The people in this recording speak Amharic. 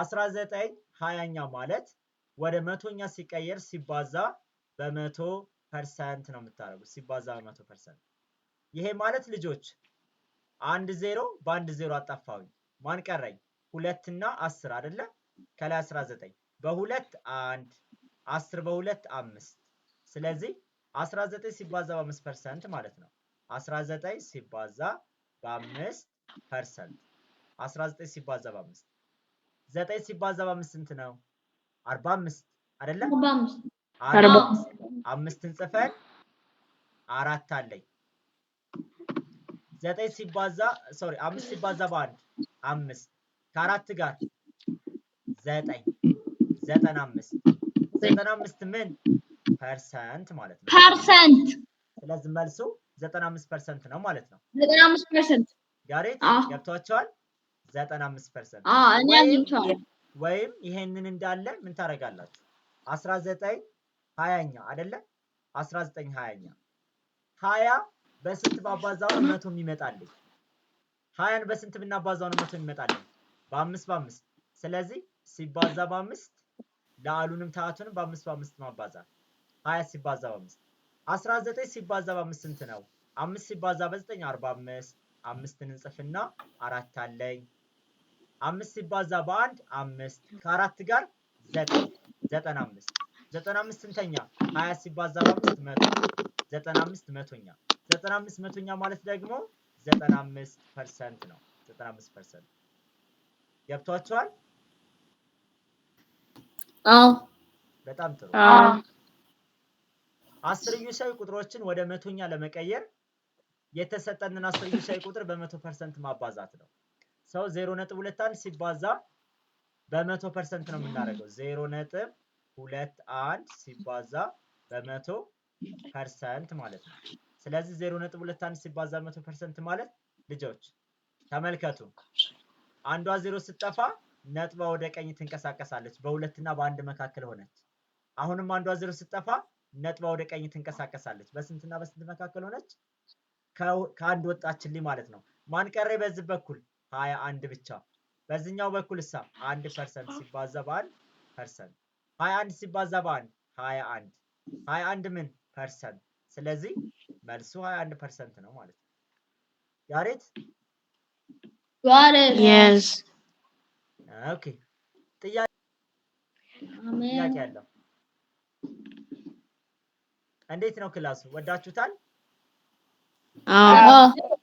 19 ሀያኛ ማለት ወደ መቶኛ ሲቀየር ሲባዛ በመቶ ፐርሰንት ነው የምታደርጉት። ሲባዛ በመቶ ፐርሰንት። ይሄ ማለት ልጆች አንድ ዜሮ በአንድ ዜሮ አጠፋሁኝ። ማን ቀረኝ? እና አስር አይደለ? ከላይ 19 በሁለት አንድ አስር በሁለት አምስት። ስለዚህ 19 ሲባዛ በአምስት ፐርሰንት ማለት ነው። 19 ሲባዛ በአምስት ፐርሰንት 19 ሲባዛ በአምስት ዘጠኝ ሲባዛ በአምስት ስንት ነው? አርባ አምስት አይደለም? አምስትን ጽፈን አራት አለኝ። ዘጠኝ ሲባዛ ሶሪ አምስት ሲባዛ በአንድ አምስት ከአራት ጋር ዘጠኝ ዘጠና አምስት ዘጠና አምስት ምን ፐርሰንት ማለት ነው? ፐርሰንት። ስለዚህ መልሱ ዘጠና አምስት ፐርሰንት ነው ማለት ነው። ዘጠና አምስት ፐርሰንት። ጋሬት ገብቷቸዋል? ዘጠና አምስት ፐርሰንት ወይም ይሄንን እንዳለ ምን ታደርጋላችሁ? አስራ ዘጠኝ ሀያኛ አይደለ? አስራ ዘጠኝ ሀያኛ ሀያ በስንት ባባዛው ነው መቶ የሚመጣልኝ? ሀያን በስንት ብናባዛው ነው መቶ የሚመጣልኝ? በአምስት በአምስት ስለዚህ ሲባዛ በአምስት ለአሉንም ታቱንም በአምስት በአምስት ማባዛት ሀያ ሲባዛ በአምስት አስራ ዘጠኝ ሲባዛ በአምስት ስንት ነው? አምስት ሲባዛ በዘጠኝ አርባ አምስት አምስትን እንጽፍና አራት አለኝ አምስት ሲባዛ በአንድ አምስት ከአራት ጋር ዘጠኝ ዘጠና አምስት ዘጠና አምስት ስንተኛ ሀያ ሲባዛ በአምስት መቶ ዘጠና አምስት መቶኛ ዘጠና አምስት መቶኛ ማለት ደግሞ ዘጠና አምስት ፐርሰንት ነው። ዘጠና አምስት ፐርሰንት ገብቷቸዋል አዎ። በጣም ጥሩ። አስርዮሻዊ ቁጥሮችን ወደ መቶኛ ለመቀየር የተሰጠንን አስርዮሻዊ ቁጥር በመቶ ፐርሰንት ማባዛት ነው። ሰው ዜሮ ነጥብ ሁለት አንድ ሲባዛ በመቶ ፐርሰንት ነው የምናደርገው። ዜሮ ነጥብ ሁለት አንድ ሲባዛ በመቶ ፐርሰንት ማለት ነው። ስለዚህ ዜሮ ነጥብ ሁለት አንድ ሲባዛ በመቶ ፐርሰንት ማለት ልጆች ተመልከቱ፣ አንዷ ዜሮ ስጠፋ ነጥባ ወደ ቀኝ ትንቀሳቀሳለች። በሁለትና በአንድ መካከል ሆነች። አሁንም አንዷ ዜሮ ስጠፋ ነጥባ ወደ ቀኝ ትንቀሳቀሳለች። በስንትና በስንት መካከል ሆነች? ከአንድ ወጣችልኝ ማለት ነው። ማን ቀረ በዚህ በኩል ሀያ አንድ ብቻ። በዚህኛው በኩል ሳ አንድ ፐርሰንት ሲባዛ በአንድ ፐርሰንት፣ ሀያ አንድ ሲባዛ በአንድ ሀያ አንድ ሀያ አንድ ምን ፐርሰንት። ስለዚህ መልሱ ሀያ አንድ ፐርሰንት ነው ማለት ነው። ያሬት ኦኬ፣ ጥያቄ ያለው እንዴት ነው? ክላሱ ወዳችሁታል? አዎ